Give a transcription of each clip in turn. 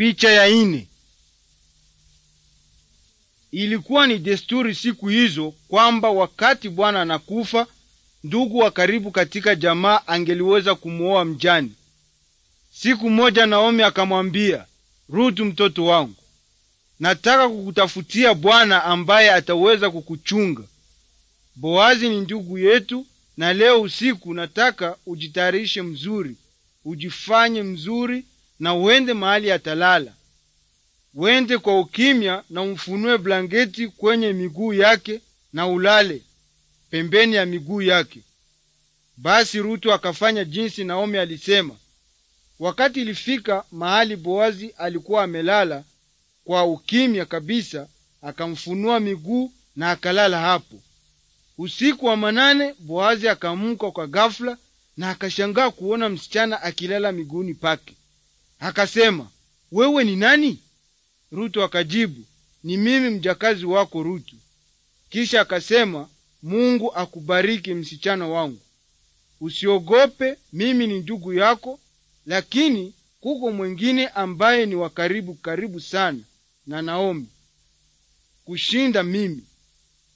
Picha ya ine. Ilikuwa ni desturi siku hizo kwamba wakati bwana anakufa, ndugu wa karibu katika jamaa angeliweza kumwoa mjani Siku moja Naomi akamwambia Rutu, mtoto wangu, nataka kukutafutia bwana ambaye ataweza kukuchunga. Boazi ni ndugu yetu, na leo usiku nataka ujitayarishe mzuri, ujifanye mzuri na uende mahali atalala. Wende kwa ukimya na umfunue blanketi kwenye miguu yake na ulale pembeni ya miguu yake. Basi Rutu akafanya jinsi Naomi alisema. Wakati ilifika mahali Boazi alikuwa amelala, kwa ukimya kabisa akamfunua miguu na akalala hapo. Usiku wa manane Boazi akaamka kwa ghafla na akashangaa kuona msichana akilala miguuni pake. Akasema, wewe ni nani? Rutu akajibu, ni mimi mjakazi wako Rutu. Kisha akasema, Mungu akubariki msichana wangu, usiogope, mimi ni ndugu yako, lakini kuko mwengine ambaye ni wa karibu karibu sana na Naomi kushinda mimi.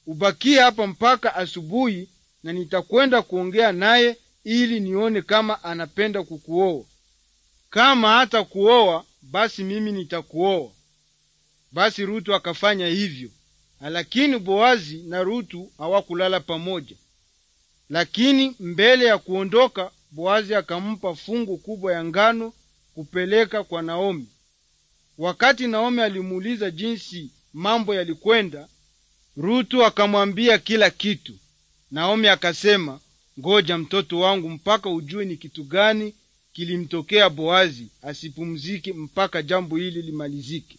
Ubakie hapa mpaka asubuhi, na nitakwenda kuongea naye ili nione kama anapenda kukuoa kama hata kuoa basi mimi nitakuoa. Basi Rutu akafanya hivyo, lakini Boazi na Rutu hawakulala pamoja. Lakini mbele ya kuondoka, Boazi akampa fungu kubwa ya ngano kupeleka kwa Naomi. Wakati Naomi alimuuliza jinsi mambo yalikwenda, Rutu akamwambia kila kitu. Naomi akasema, ngoja mtoto wangu, mpaka ujue ni kitu gani kilimtokea Boazi asipumzike mpaka jambo hili limalizike.